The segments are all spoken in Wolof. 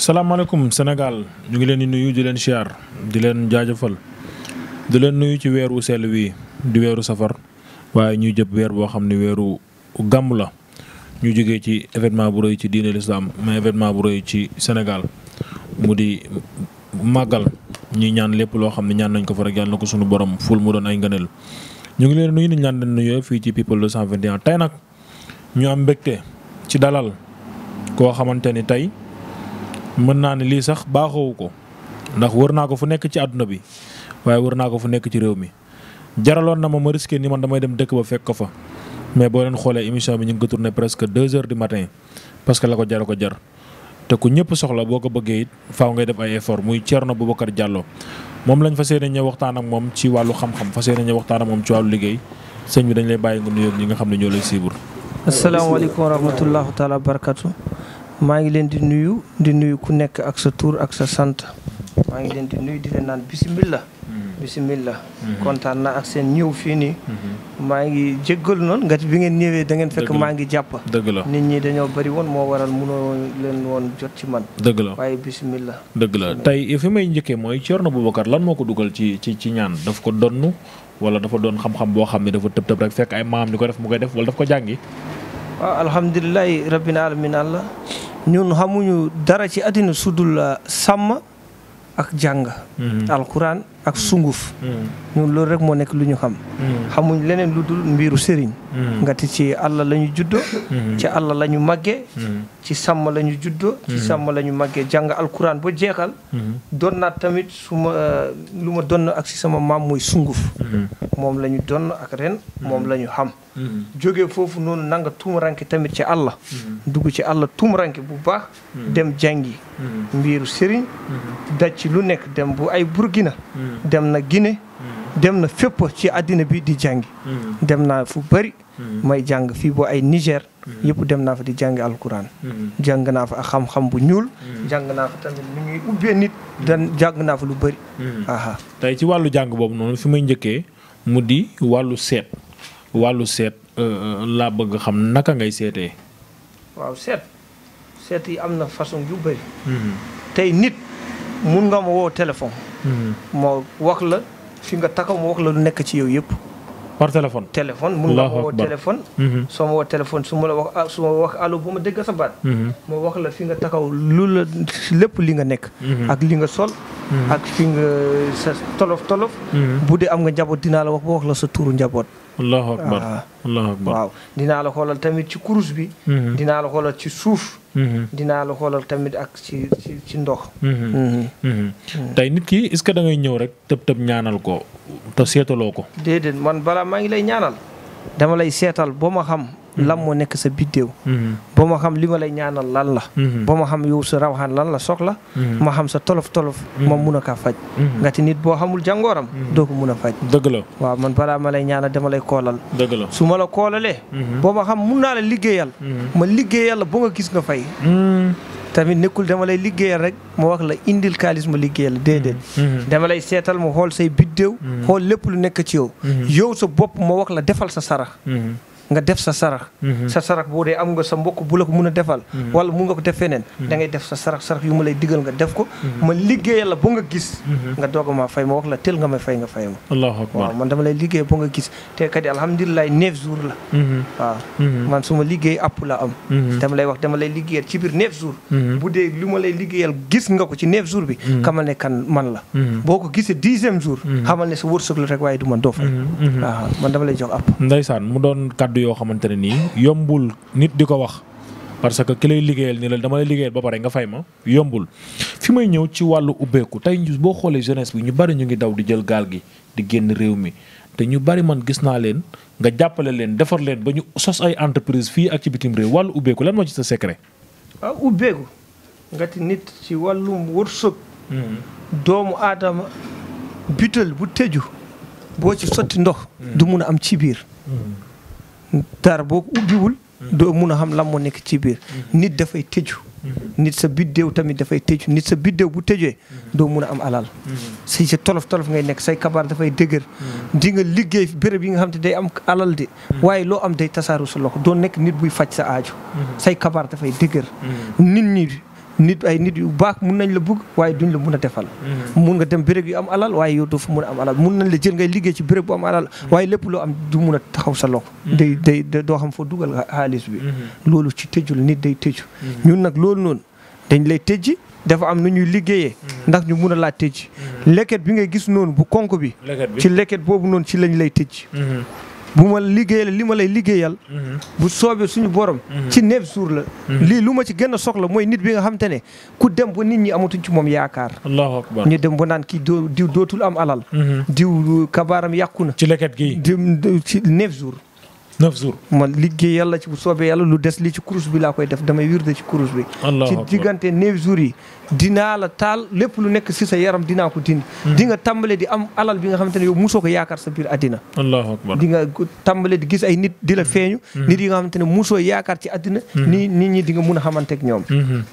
salaamaaleykum Sénégal ñu ngi leen di nuyu di leen siyaar di leen jaajëfal di leen nuyu ci weeru wu sell wii di weeru safar waaye ñuy jëpp weer boo xam ne weeru gàmm la ñu jógee ci événement bu rëy ci diine l'islam mais événement bu rëy ci Sénégal mu di màggal ñi ñaan lépp loo xam ne ñaan nañ ko fa rek yàlla na ko suñu borom ful mu doon ay ngëneel ñu ngi leen nuyu ni ñaan leen nuyoo fii ci people 221 tey nag ñu am mbégte ci dalal koo xamante ni tey mën naa ne lii sax baaxoowu ko ndax wër naa ko fu nekk ci àdduna bi waaye wër naa ko fu nekk ci réew mi jaraloon na ma ma risqué ni man damay dem dëkk ba fekk ko fa mais boo leen xoolee émission bi ñu ngi ko tourné presque deux heures matin parce que la ko jar ko jar te ku ñëpp soxla boo ko bëggee it faaw ngay def ay effort muy Thierno Boubacar Diallo moom lañ fas yéene ñëw waxtaan ak moom ci wàllu xam-xam fas yéene ñëw waxtaan ak moom ci wàllu liggéey sëñ bi dañ lay bàyyi nga nga xam ne ñoo lay siibur. asalaamaaleykum wa maa ngi leen di nuyu di nuyu ku nekk ak sa tuur ak sa sant maa ngi leen di nuyu di leen naan bisimilah. Mm-hmm. bisimilah. Mm-hmm. kontaan na ak seen ñëw fii nii. Mm-hmm. maa ngi jéggalu noonu nga bi ngeen ñëwee da ngeen fekk maa ngi jàpp. dëgg la nit ñi dañoo bari woon moo waral munoo leen woon jot ci man. dëgg la waaye bisimilah. dëgg la tey fi may njëkkee mooy Thierno Boubacar lan moo ko dugal ci ci ci ñaan daf ko donn wala dafa doon xam-xam boo xam ne dafa tëb tëb rek fekk ay maam di ko def mu koy def wala daf ko jàngi. Ah, ñun xamuñu dara ci àddina sudul euh, sàmm ak jàng mm-hmm. alxuraan ak sunguf mm-hmm. ñun loolu rek moo nekk lu ñu xam mm-hmm. xamuñ leneen lu dul mbiru sëriñ ngati ci àlla lañu juddo ci àlla la ñu màgge ci sàmm la ñu juddoo. ci mhm. sàmm la ñu màggee jàng alkuraan ba jeexal. Mhm. doon naa tamit su ma euh, lu ma donn ak si sama maam mooy sunguf. Mhm. moom lañu donn ak ren. moom lañu ñu xam. jóge foofu noonu nanga tuumuranke tamit ci àll. dugg ci àll tuumuranke bu baax. dem jàngi. mbiru sëriñ. daj ci lu nekk dem bu ay Burkina. dem na Guinée. dem na fépp ci àddina bi di jàngi mm-hmm. dem naa fu bëri mm-hmm. may jàng fii boo ay Niger mm-hmm. yëpp dem naa fa di jàngi alquran jàng naa fa a xam-xam bu ñuul jàng naa fa tamit ni ngi ubbee nit dan jàng naa fa lu bëri aha ci wàllu jàng boobu noonu fi may njëkkee mu di wàllu seet wàllu seet euh, euh, laa bëgg xam naka ngay seetee waaw seet seet yi am na façon yu bëri tey nit mun nga ma woo téléphone moo wax la fi nga taxaw ma wax la lu nekk ci yow yëpp. par téléphone. téléphone mun nga woo téléphone. Mhm. soo ma woo téléphone su ma la wax ah, su ma ma dégg sa baat. Mhm. ma wax la fi nga taxaw lu la lépp li nga nekk. Mhm. ak li nga sol. ak fi nga sa tolof tolof. bu dee am nga njaboot dinaa la wax ba wax la sa tuuru njaboot. allahu ah. akbar allahu akbar waaw dinaa la xoolal tamit ci kurus bi. Mhm. dinaa la xoolal ci suuf. Mhm. dinaa la xoolal tamit ak ci ci ndox. Mhm. tey nit ki est-ce que da ñëw rek tëb tëb ñaanal ko te seetaloo ko. déedéet man balaa maa ngi lay ñaanal dama lay seetal ba ma xam. Mm-hmm. lan moo nekk sa biddéew mm-hmm. ba ma xam li ma lay ñaanal lan la mm-hmm. ba ma xam yow sa rawaxaan lan la soxla ma xam sa tolof tolof ma mun a kaa faj nga ti nit boo xamul jàngooram doo ko mun a faj dëgg la waaw man balaa ma lay ñaanal la su ma la koolalee ba ma xam mun naa la liggéeyal ma liggéeyal la boo nga gis nga fay tamit nekkul dama lay liggéeyal rek ma wax la indil kaalis ma liggéeyal déedéet dama lay seetal ma xool say biddéew xool lépp lu nekk ci yow yow sa bopp ma wax la defal sa nga def sa sarax mhm. sa sarax boo dee am nga sa mbokk bu la ko mun a defal mhm. wala mun nga ko def feneen mhm. da ngay def sa sarax sarax yu ma lay digal nga def ko ma liggéeyal la ba nga gis nga doog a maa fay ma wax la tel nga may fay nga fay ma allahu akbar waaw man dama lay la waaw man su ma liggéey app la am dama lay wax dama lay liggéeyal ci biir neuf jours bu dee lu ma lay liggéeyal gis nga ko ci neuf jours bi xamal ne kan man la boo ko gisee dixième jour xamal ne sa wërsëg la rek waaye du man doo fay kàddu yoo xamante ne nii yombul nit di ko wax parce que ki lay liggéeyal ni la dama lay liggéeyal ba pare nga fay ma yombul fi may ñëw ci wàllu ubbeeku tey boo xoolee jeunesse bi ñu bari ñu ngi daw di jël gaal gi di génn réew mi te ñu bari man gis naa leen nga jàppale leen defar leen ba ñu sos ay entreprise fii ak ci bitim réew wàllu ubbeeku len moo ci sa secret. a ah, ubbeeku nga nit ci wàllum wërsëg. Hmm. doomu aadama butéel bu tëju boo ci sotti ndox. Hmm. du am ci biir. Hmm. dara boo ko ubbiwul doo mun a xam lan moo nekk ci biir nit dafay tëju nit sa biddéew tamit dafay tëju nit sa biddéew bu tëjee doo mun a am alal si sa tolof tolof ngay nekk say kabaar dafay dëgër di nga liggéey béréb yi nga xam te day am alal waaye loo am day tasaaru sa loxo doo nekk nit buy faj sa aaju say kabaar dafay dëgër nit ñi nit ay nit yu baax mun nañ la bëgg waaye duñ la mun a defal mm-hmm. mun nga dem béréb yu am alal waaye yow doo fa mun a am alal mun nañ la jël ngay liggéey ci béréb bu am alal mm-hmm. waaye lépp loo am du mun a taxaw sa loxo mm-hmm. day day doo xam foo dugal xaalis bi loolu ci tëjul nit day tëju ñun nag loolu noonu dañ lay tëjji dafa am nu ñuy ndax ñu mun a laa tëjji lekket bi ngay gis noonu bu konk bi ci lekket boobu noonu ci lañ lay tëjji bu ma liggéeyal li ma lay liggéeyal. Mhm. bu soobee suñu borom. Mhm. ci neuf jours la. Mhm. lii lu ma ci gën a soxla mooy nit bi nga xam te ne ku dem ba nit ñi amatuñ ci moom yaakaar. allahu ñu dem ba naan kii diw dootul am alal. diw kabaaram yàqu na. ci leket gi diw ci neuf jours. neuf jours ma liggéey yàlla ci bu soobee yàlla lu des li ci kurus bi laa koy def damay wirde ci kurus bi ci diggante neuf jours yi dinaa la taal lépp lu nekk si yaram dinaa ko dindi hmm. di nga tàmbale di am alal bi nga xamante ne yow musoo ko yaakaar sa biir àddina allahu akbar di nga tàmbale ay nit di la hmm. feeñu hmm. nit yi nga xamante musoo yaakaar ci àddina ni ñi di mun a ñoom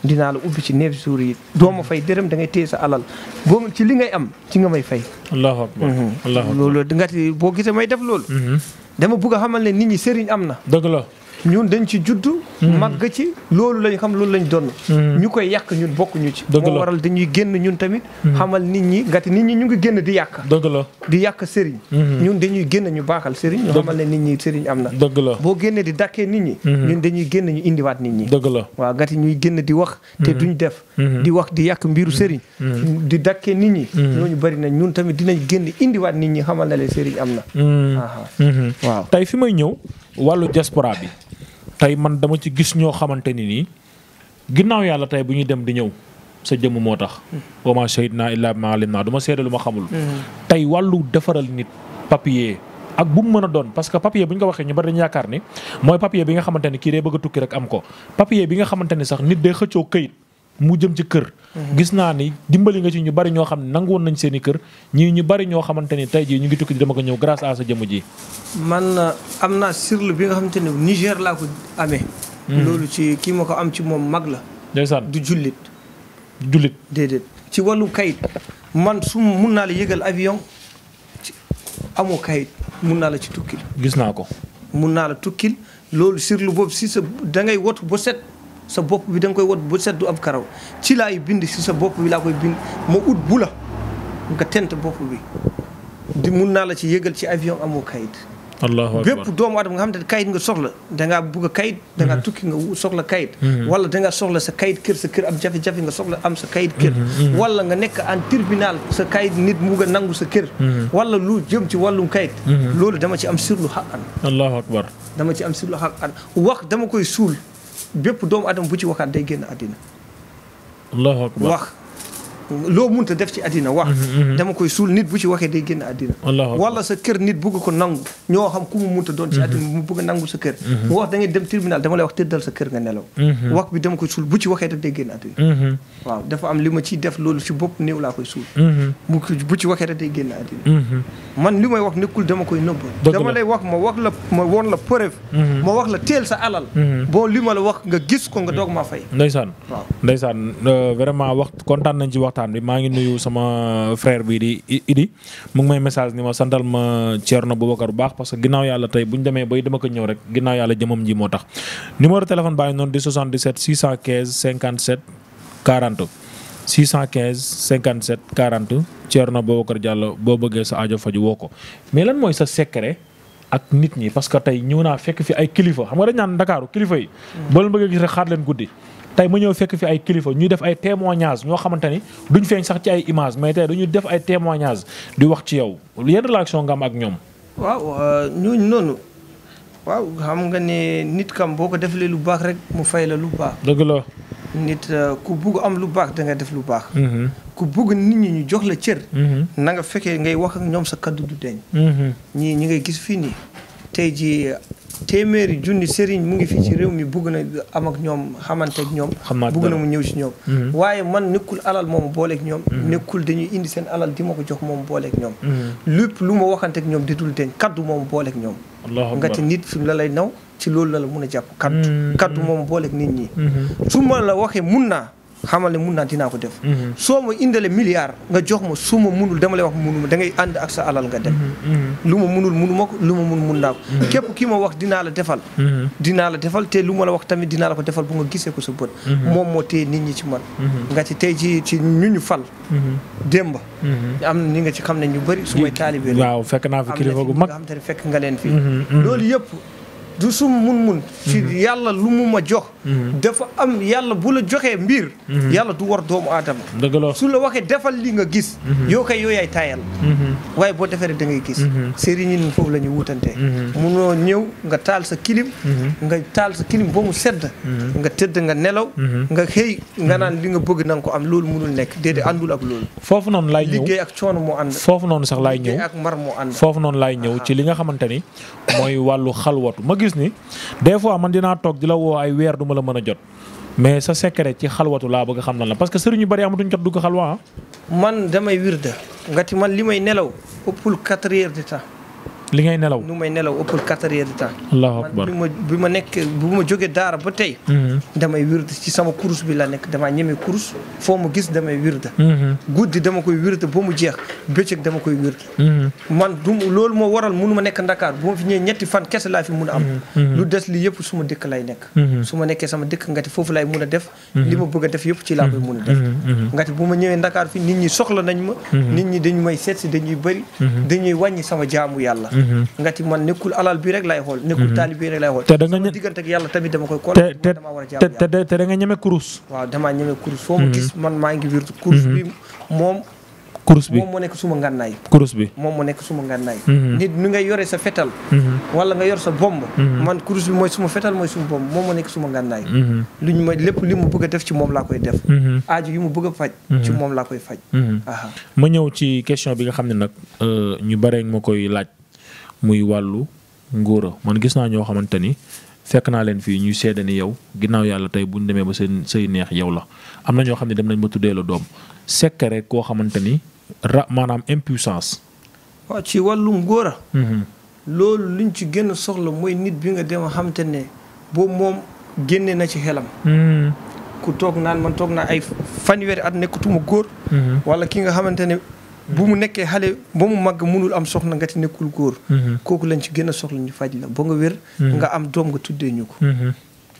dinaa la ubbi ci neuf yi doo fay dërëm da ngay alal boo ci li ngay am ci nga may fay allahu akbar loolu dama bugg a xamal ne nit ñi sëriñ am na. dëgg la. ñun dañ ci judd. Hmm. màgg ci loolu lañu xam loolu lañ doon. Hmm. ñu koy yàq ñun bokkuñu ci. dëgg moo waral dañuy génn ñun tamit. Hmm. xamal nit ñi ngati nit ñi ñu ngi génn di yàq. dëgg di yàq sëriñ. ñun dañuy génn ñu baaxal sëriñ. ñu xamal nit ñi sëriñ am na. boo génnee di dàkkee dañuy génn ñu indiwaat nit ñi. dëgg la waaw ngati ñuy génn di wax. te duñ def. di wax di yàq mbiru sëriñ. di dàkkee nit ñi. ñooñu bari na ñun tamit dinañ génn indiwaat nit ñi xamal na leen sëriñ am na. waaw tey fi may ñëw wàllu diaspora bi tey man dama ci gis ñoo xamante ni nii ginnaaw yàlla tey bu ñuy dem di ñëw sa jëmm moo tax. wa maa shahidnaa illaa bimaa alimnaa du ma seede lu ma xamul. Mm-hmm. tey wàllu defaral nit papier. ak bu mu mën a doon parce que bu ñu ko waxee ñu bari dañu yaakaar ni mooy papier bi nga xamante ni kii day bëgg a tukki rek am ko papier bi nga xamante ni sax nit day xëccoo këyit. mu jëm ci kër. gis naa ni dimbali nga ci ñu bari ñoo xam ne nangu woon nañ seeni kër ñii ñu bari ñoo xamante ni tey jii ñu ngi tukki di dama ko ñëw grâce à sa jëmm ji. man euh, am naa sirlu bi nga xamante ne Niger laa ko amee. Hmm. loolu ci kii ma ko am ci moom mag la. ndeysaan du jullit. du jullit déedéet ci wàllu kayit man su mun naa la yégal avion ci amoo kayit mun naa la ci tukkil. gis naa ko. mun naa la tukkil loolu sirlu boobu si sa da ngay wot ba sa bopp bi danga koy wat bu set du am karaw ci laay bind si sa bopp bi laa koy bind ma ut bu la nga tent bopp bi di mun naa la ci yëgal ci avion amoo kayit allahu akbar bépp doomu adama nga xam ne kayit nga soxla dangaa bugg kayit dangaa mhm. tukki nga soxla kayit mhm. wala dangaa soxla sa kayit kër sa kër am jafe-jafe nga soxla am sa kayit kër mhm, wala nga nekk en sa kayit nit mu nga nangu sa kër wala lu ci wàllum kayit loolu dama ci am sirlu xaqan ci am sirlu xaqan wax dama koy suul bépp doomu adama bu ci waxaat day génn àddina. allahu akbar wax loo munta def ci àddina wax mhm, mhm. dama koy suul nit bu ci waxee day génn àddina wala sa kër nit bugg ko nangu ñoo xam ku mu munta doon ci mhm. àddina mu bugg a nangu sa kër mu wax da ngay dem tribunal dama lay wax tëddal sa kër nga nelaw wax bi dama koy suul bu ci waxee day génn àddina man li may wax nekkul dama koy nëbb dama lay wax ma wax la ma woon la preuve ma wax la teel sa alal boo li ma la wax nga gis ko nga doog maa fay ndeysaan waaw euh, wax kontaan waxtaan bi maa ngi nuyu sama frère bii di Idi mu ngi may message ni ma santal ma Thierno Boubacar bu baax parce que ginnaaw yàlla tey bu ñu demee bay dama ko ñëw rek ginnaaw yàlla jëmam ji moo tax numéro téléphone baa ngi noonu di 77 615 57 40 615 57 40 Thierno Boubacar Diallo boo bëggee sa aajo faju woo ko mais lan mooy sa secret ak nit ñi parce que tey ñëw naa fekk fi ay kilifa xam nga dañ naan Ndakaaru kilifa yi. Mm. tey ma ñëw fekk fi ay kilifa ñuy def ay témoignages ñoo xamante du duñ feeñ sax ci ay image mais tey dañuy def ay témoignages di wax ci yow yan relation nga am ak ñoom. waaw euh, ñooñu noonu waaw xam nga ne nit kam boo ko defalee lu baax rek mu fay la lu baax. dëgg la. nit euh, ku bugg am lu baax da nga def lu baax. Mm-hmm. ku bugg nit ñi ñu jox la cër. Mm-hmm. na nga fekkee ngay wax ak ñoom sa kaddu du deñ mm-hmm. ñii ñi ngay gis fii nii tey jii téeméeri junni sëriñ mu ngi fii ci réew mi bugg na am ak ñoom xamante ak ñoom bugg na mu ñëw si ñoom mhm. waaye man nekkul alal moom booleeg ñoom mhm. nekkul dañuy indi seen alal di ma ko jox moom booleeg ñoom mhm. lépp lu ma waxante ak ñoom di dul deñ kaddu moom booleeg ñoom nga te nit fi la lay naw ci loolu la la mun a jàpp kaddu kaddu moom booleeg nit ñi su ma la waxee mun naa xamal ne mun naa dinaa ko def. Mhm. soo ma indale milliard nga jox ma su munul dama lay wax munu ma da ngay ànd ak sa alal nga dem. Mhm, mhm. lu ma munul munu ma ko lu ma mun mun naa ko. képp ki ma wax dinaa la defal. dinaa la defal te lu ma la wax tamit dinaa la ko defal bu nga gisee ko sa bët. moom moo téye nit ñi ci man. nga ci tey ci ci ñu ñu fal. démb. am na ni nga ci xam ne ñu bëri su may taalibe la. waaw fekk naa fi kilifa gu mag am nga leen fi. loolu yëpp. du sum mun-mun ci mhm. yàlla lu mu ma jox mhm. dafa am yàlla bu la joxee mbir mhm. yàlla du war doomu aadama dëgg su la waxee defal li nga gis yow kay yow yaay waaye boo defee rek da ngay gis sëriñ la ñu wutante munoo ñëw nga taal sa kilim nga taal sa kilim ba mu sedd nga tëdd nga nelaw nga li nga bëgg na nga ko am nekk déedéet àndul ak loolu foofu noonu laay ñëw liggéey ak coono moo ànd foofu noonu sax laay ñëw ak ci li nga xamante ni mooy wàllu xalwatu gis ni man dinaa toog di la woo ay weer du ma la mën a jot mais sa secret ci xalwatu laa bëgg xam lan la parce que sëriñ yu bari amatuñ jot dugg xalwa ah. man damay wirda nga ti man li may nelaw ëppul 4 heures de temps. li ngay nelaw nu may nelaw ëppul quatre heures de temps. bi ma bi ma nekk bu ma jógee daara ba tey. Mhm. damay wird ci sama kurus bi laa nekk damaa ñeme kurus foo ma gis damay wird. Mhm. guddi dama koy wird ba mu jeex bëccëg dama koy wird. Mhm. man du loolu moo waral munu ma nekk Ndakaar bu ma ñetti fan kese laa mun a am. lu des li yëpp suma dëkk lay nekk. su ma nekkee sama dëkk ngati foofu lay mun a def. li ma bëgg a def yëpp ci laa koy mun a def. ngati bu ma ñëwee Ndakaar fi nit ñi soxla nañ ma. nit ñi dañu may seet si dañuy bëri. dañuy wàññi sama jaamu yàlla. Mm-hmm. nga ci man nekkul alal bi rek lay xool nekkul mm-hmm. taalib bi rek lay xool te da nga diggante ak yàlla tamit dama koy xool dama war a jaamu yàlla te da nga ñeme kurus waaw damaa ñeme kurus foo ma mm-hmm. gis man maa ngi wirtu kurus bi moom kurus bi moom moo nekk suma ngànnaay kurus bi moom moo nekk suma ngànnaay lu ma lépp li mu bëgg a def ci moom laa koy def aaju yi mu bëgg a faj ci moom laa koy faj ma ñëw ci question bi nga xam ne nag euh, ñu bare ma koy laaj muy wàllu ngóora man gis naa ñoo xamante ni fekk naa leen fii ñuy seede ni yow ginnaaw yàlla tey bu demee ba seen say neex yow la am na ñoo xam ne dem nañ ba tuddee la doom sekkere koo xamante ni ra maanaam impuissance. waaw ci wàllu ngóora. Mm-hmm. loolu liñ ci gën soxla mooy nit bi nga dem xamante ne boobu moom génne na ci xelam. Mm-hmm. ku toog naan man toog naa ay fanweeri at nekkatuma góor. Mm-hmm. wala ki nga xamante bu mu nekkee xale ba mu màgg munul am soxna nga ti nekkul góor. Mm-hmm. kooku lañ ci gën a soxla ñu faj la ba nga wér. Mm-hmm. nga am doom nga tuddee ñu ko. Mm-hmm.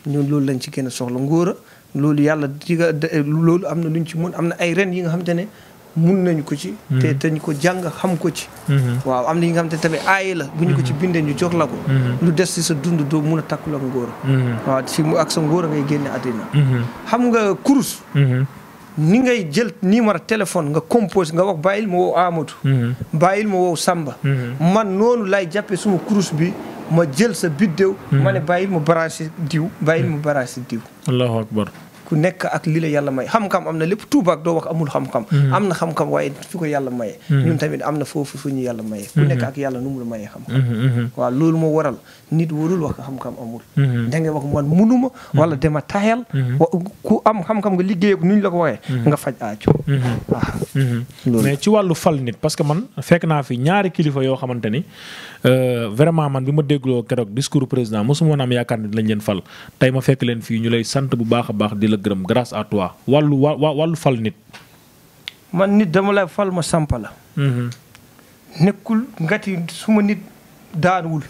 ñun loolu lañ ci gën a soxla ngóora loolu yàlla diga loolu am na luñ ci mën am na ay ren yi nga xamante ne mun nañ ko ci. te dañ ko jàng xam ko ci. waaw am na yi nga xamante la bu ko ci bindee ñu jox la ko. lu des si sa dund doo mun a takku la ngóora. waaw si mu ak sa ngóora xam nga kurus. ni ngay jël numéro téléphone nga composé nga wax bàyyil ma woo Amadou. Mhm. bàyyil ma woo Samba. Mhm. man noonu lay jàppee suma kurus bi ma jël sa biddéew. Mhm. ma ne bàyyil ma branché diw bàyyil ma branché diw. allahu ku nekk ak li la yàlla may xam-xam am na lépp tuubaak doo wax amul xam-xam mm-hmm. am na xam-xam waaye fi ko yàlla maye mm-hmm. ñun tamit am na foofu fu ñu yàlla maye ku nekk mm-hmm. ak yàlla nu mu la mayee xam-xam waaw loolu moo waral nit warul wax xam-xam amul da ngay wax man ko waxee nga faj aajo mais ci wàllu fal nit parce man fekk naa fi ñaari kilifa yoo xamante ni euh, vraiment man bi ma dégloo keroog discours président mosuma woon am yaakaar ni lañ leen fal tey ma fekk leen fii ñu lay sant bu baax a baax di la gërëm grâce à toi wàllu wa wàllu fal nit. man nit dama lay fal ma samp la. Mm-hmm. nekkul ngati suma nit daanuwul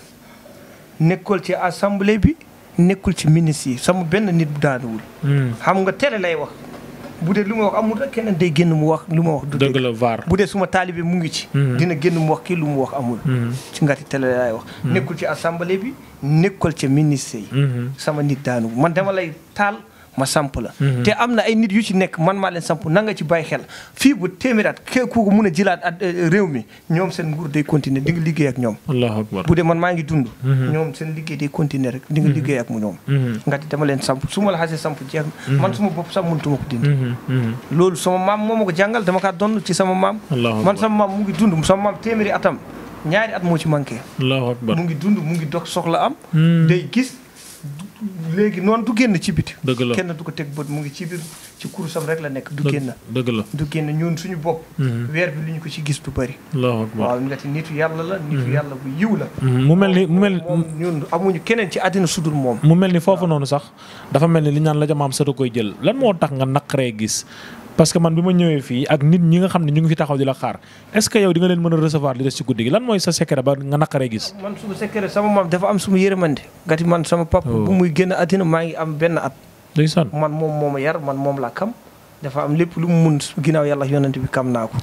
nekkul ci assemblée bi nekkul ci ministre yi sama benn nit bu daanuwul. Mm. xam nga télé lay wax. bu dee lu ma amul rek keneen génn mu wax lu ma wax. du dëgg la bu dee suma taalibe mu ngi ci. Mm-hmm. dina génn mu wax wax amul. Mm-hmm. ci ngati télé lay wax. nekkul ci assemblée bi nekkul ci ministre yi. man dama lay taal. ma samp la mhm. te am na ay nit yu ci nekk man maa leen samp nanga ci bàyyi xel fii bu téeméeraat ku ko mun a jëlaat at euh, réew mi ñoom seen nguur day continuer di nga liggéey ak ñoom allahu akbar bu dee man maa ngi dund mhm. ñoom seen liggéey day continuer rek di nga mhm. liggéey ak ñoom nga dama leen samp suma ma la xasee samp jeex man suma bopp sax mënutuma ko dindi loolu sama maam moom ma ko jàngal dama kaa donn ci sama maam man sama maam mu ngi dund sama maam téeméeri atam ñaari at moo ci manqué allahu akbar mu ngi dund mu ngi dox soxla am day gis léegi noonu du génn ci biti. dëgg la kenn du ko teg bët mu ngi ci biir ci kurusam rek la nekk. du génn dëgg la du génn ñun suñu bopp. Mhm. weer bi lu ñu ko ci gis du bëri. waaw nga te nitu yàlla la. nitu mhm. yàlla bu yiw la. Mhm. mu mel ni mu mel ni ñun amuñu keneen ci àddina sudul moom. mu mel ni foofu noonu sax dafa mel ni li ñaan la jamaam sa sëtu koy jël lan moo tax nga naqaree gis parce que man bi ma ñëwee fii ak nit ñi nga xam ne ñu ngi fi taxaw di la xaar est yow di leen mën a recevoir li des ci guddi gi lan mooy sa secret ba nga naqaree gis. man suma secret sama maam dafa am suma yërmande man sama oh. maa ngi am benn at. man moom moo ma yar man moom laa kam dafa am lépp lu mu mun ginnaaw yàlla yonent bi kam naa ko.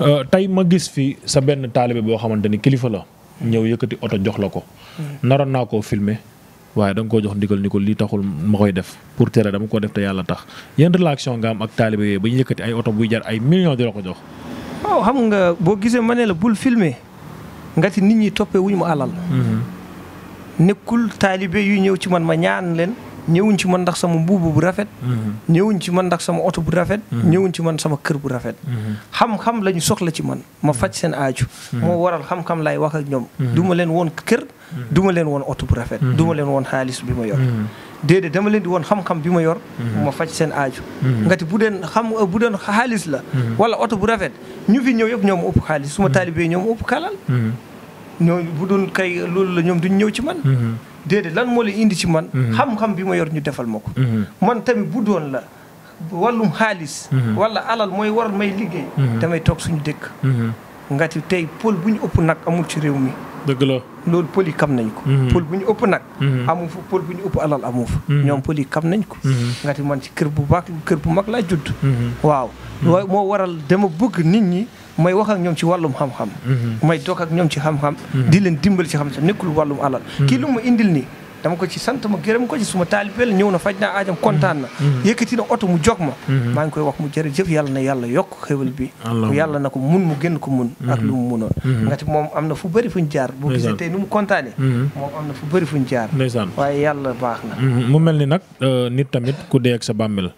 Euh, tey ma gis fi sa benn taalibe boo xamante ni kilifa la. ñëw yëkkati oto jox la ko. Hmm. naroon naa koo filmer waaye da ko jox ndigal ni ko lii taxul ma koy def pour tere dama ko def te yàlla tax yan relation nga am ak taalibe yooyu ba ñu yëkkati ay oto buy jar ay millions di la ko jox. waaw xam nga boo gisee ma ne la bul filmer nga ci nit ñi toppee wuñu ma alal. Mhm. nekkul taalibe yu ñëw ci man ma ñaan leen. ñëwuñ ci man ndax sama mbuubu bu rafet. Mhm. ñëwuñ ci man ndax sama oto bu rafet. Mhm. ñëwuñ ci man sama kër bu rafet. xam-xam lañu soxla ci man ma faj seen aaju. moo waral xam laay wax ak ñoom. leen woon kër. Mm-hmm. duma ma leen woon oto bu rafet. Mm-hmm. du ma leen woon xaalis bi ma yor. Mm-hmm. déedéet dama leen di woon xam-xam bi ma yor. ma faj seen aaju. ngati bu deen xam bu deen xaalis la. wala oto bu rafet ñu fi ñëw yëpp ñoo ma ëpp xaalis su ma taalibee ñoo ñoo bu doon kay loolu la ñoom duñ ñëw ci man. déedéet lan moo leen indi ci man. xam-xam bi ma yor ñu defal ma ko. man tamit bu doon la wàllum xaalis. wala alal mooy waral may liggéey. damay toog suñu dëkk. ngati tey pôle bu ñu ëpp nag amul ci réew mi. dëgg la loolu pël yi xam nañ ko. Mhm. pël bu ñu ëpp nag. Mhm. amu fa pël bu ñu ëpp alal amu fa. Mhm. ñoom pël yi xam nañ ko. nga man ci kër bu baax kër bu mag laa judd. waaw moo waral dama bëgg nit ñi. may wax ak ñoom ci wàllum xam-xam. may doog ak ñoom ci xam-xam. di leen dimbal ci xam-xam nekkul wàllum alal. kii lu ma indil nii. dama ko ci sant ma gërëm ko ci suma taalibe la ñëw na faj naa aajam kontaan na mm-hmm. Mm-hmm. yëkkati na oto mu jog ma mm-hmm. maa ngi koy wax mu jar jërëjëf yàlla na yàlla yokk xéwal bi yàlla na ko mun mu génn ko mun ak lu mu munoon ngati moom am na fu bëri fuñ jaar boo gisee nu mu kontaane moom am na fu bëri fuñ jaar waaye yàlla baax na mu mel ni nag euh, nit tamit ku dee ak sa bàmmeel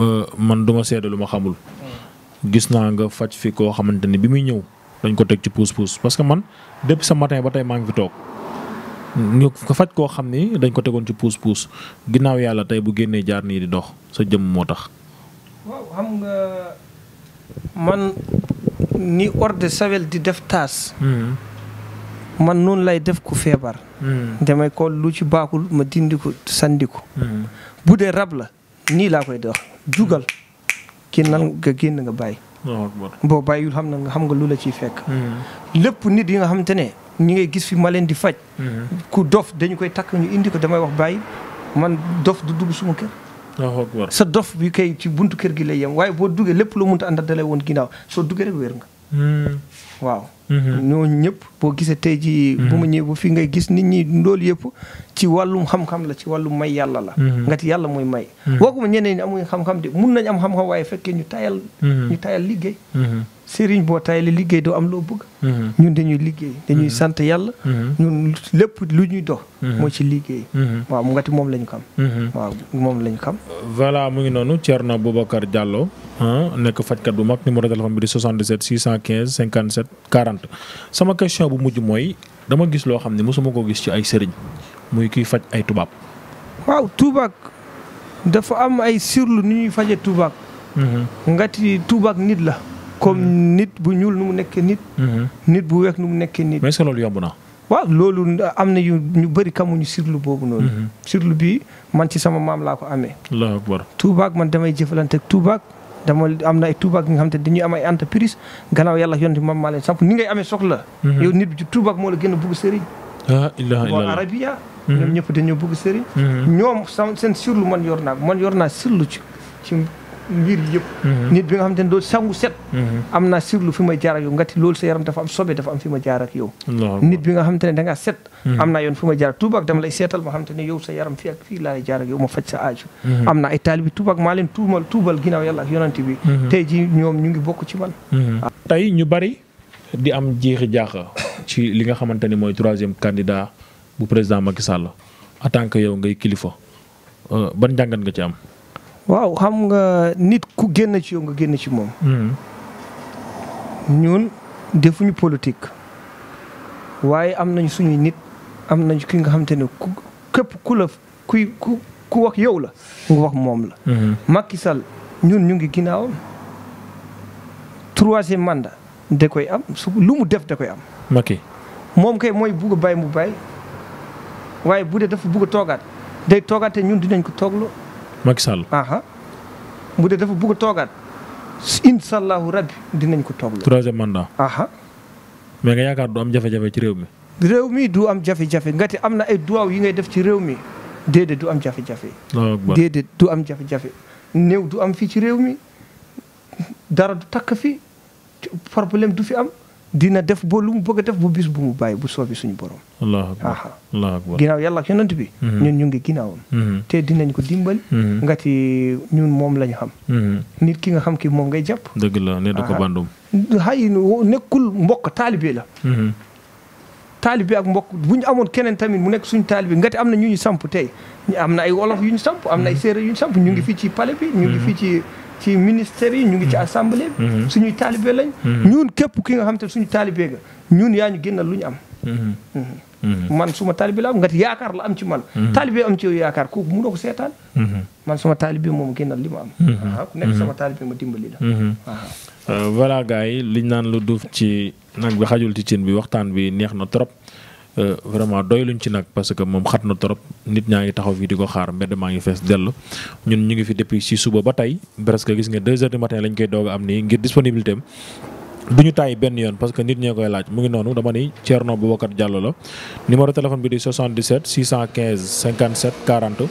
euh, man du ma lu ma xamul mm. gis naa nga faj fi koo xamante ni bi muy ñëw dañ ko teg ci puus puus parce que man depuis sa matin ba tey maa ngi fi toog ñu ko faj koo xam ni dañ ko tegoon ci puus puus ginnaaw yàlla tey bu génnee jaar nii di dox sa jëm moo tax. waaw xam nga man ni eau de di def taas. Hmm. man noonu lay def ku feebar. Hmm. damay ko lu ci baaxul ma dindi ko sandi hmm. bu dee rab la nii laa koy dox jugal ki nan nga génn nga bàyyi. boo yul xam na nga xam nga lu la ciy fekk. lépp nit yi nga xam te ne. ñu ngay gis fi ma leen di faj. Mhm. ku dof dañu koy takk ñu indi ko damay wax bàyyi man dof du dugg suma kër. sa dof bi kay ci buntu kër gi lay yem waaye boo duggee lépp loo mënta àndal dalay woon ginnaaw soo duggee rek wér nga. Mhm. waaw. Mhm. ñooñu ñëpp boo gisee tey jii. bu ma ñëwee ba fii ngay gis nit ñi loolu yëpp ci wàllum xam-xam la ci wàllum may yàlla la. nga yàlla mooy may. waxuma ñeneen ñi amuñu xam-xam de mun nañ am xam-xam waaye fekkee ñu tayal. ñu tayal liggéey. sëriñ boo tay la liggéey doo am loo bëgg. Mhm. ñun dañuy liggéey dañuy mhm. sant yàlla. Mhm. ñun lépp lu ñuy dox. moo ci liggéey. waaw mu ngati moom lañu xam. waaw moom lañu xam. voilà mu ngi noonu Thierno Boubacar Diallo nekk fajkat bu mag numéro téléphone bi di 77 615 57 40 sama question bu mujj mooy dama gis loo xam ne mosuma ko gis ci ay sëriñ muy kiy faj ay tubaab. waaw tubaab dafa am ay sirlu nu ñuy faje tubaab. ngati tubaab nit la. comme hmm. nit bu ñuul nu mu nekkee nit. Hmm. nit bu weex nu mu nekkee nit. mais loolu yomb na. waaw loolu am na yu ñu bëri xamuñu sirlu boobu noonu. Hmm. sirlu bi man ci sama maam laa ko amee. allahu akbar man damay jëflante ak tuubaag dama am na ay tuubaag yi nga xam te dañuy am ay entreprise gannaaw yàlla yonent bi maam maa leen samp ni ngay amee soxla. yow nit bi tuubaag moo la gën a bugg sëriñ. ah illah illah waa arabia. ñoom ñëpp dañoo bugg sëriñ. ñoom sama seen sirlu man yor naa man yor naa sirlu ngir yëpp mhm. nit bi nga xam te ne doo sangu set mhm. am na sirlu fi may jaar yow ngati loolu sa yaram dafa am sobe dafa am fi ma jaar ak yow nit bi nga xam te ne danga set mhm. am naa yoon fi ma jaar ak tubaab lay seetal ma xam te ne yow sa yaram fii jaar ak ma faj sa aaju am naa ay taalibi tubaab maa leen tuumal tuubal ginnaaw yàlla ak yonante bi tey ji ñoom ñu ngi bokk ci man tey ñu bari di am jeexi jaaxa ci li nga xamante ni mooy troisième candidat bu président Macky Sall en tant que yow ngay kilifa euh, ban njàngat nga ci am waaw xam nga nit ku génn ci yow nga génn ci moom. Hmm. ñun defuñu politique waaye am nañ suñuy nit am nañ ki nga xamante ne ku képp ku la ku ku wax yow la nga wax moom la. Hmm. Macky Sall ñun ñu ngi ginnaaw troisième mandat da koy am su lu mu def da koy am. Macky moom kay mooy bugg a bàyyi mu bàyyi waaye bu dee dafa bugg a toogaat day toogaatee ñun ñun dinañ ko toogloo. Macky Sall. bu dee dafa bugg a toogaat incha allahu rabbi dinañ ko toog. troisième mandat. mais nga yaakaar du am jafe-jafe ci réew mi. réew mi du am jafe-jafe ngati am na ay duwaaw yi ngay def ci réew mi déedéet du am jafe-jafe. déedéet du am jafe-jafe. néew du am fii ci réew mi dara du takk fi problème du fi am. dina def ba lu mu bëgg def bu bis bu mu bàyyi bu soobi suñu borom. allahu akbar allahu akbar ginnaaw yàlla ak bi. Mhm. ñun ñu ngi ginnaawam. Mhm. te dinañ ko dimbali. Mhm. nga ci ñun moom lañ xam. nit ki nga xam ki moom ngay jàpp. dëgg la ne da ko bandum. xay nekkul mbokk taalibe la. taalibe ak mbokk bu ñu amoon keneen tamit mu nekk suñu taalibe ngati am na ñu ñu samp tey am na ay yu ñu samp am na ay séeréer yu samp ñu ngi fii ci palais bi ñu fii ci. ci ministère yi ñu ngi ci mm-hmm. assemblée bi mm-hmm. suñuy taalibe lañ mm-hmm. ñun képp ki nga xam te suñu taalibe ga ñun yaa ñu génnal lu ñu am man suma taalibe la am ngati yaakaar la am ci man taalibe am ci yow yaakaar kooku mënoo ko seetaan man suma taalibe moom génnal li ma am waaw ku nekk sama taalibe ma dimbali la waaw euh, voilà gars yi liñ naan lu duuf ci nag bi xajul ci cin bi waxtaan bi neex na trop Euh, vraiment doy luñ ci nag parce que moom xat na trop nit ñaa ngi taxaw fii di ko xaar mbedd maa ngi fees dell ñun ñu ngi fi depuis si suba ba tey presque gis nga 2 heures du matin lañ koy doog am nii ngir disponibilité du ñu tàyyi benn yoon parce que nit ñee koy laaj mu ngi noonu dama ni Thierno Boubacar Diallo la numéro téléphone bi di 77 615 57 40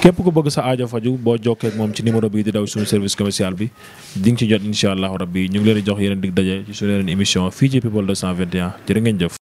képp ku bëgg sa aajo faju boo jokkee ak moom ci numéro bii di daw suñu service commercial bi di ci jot incha allah rabbi ñu ngi leen di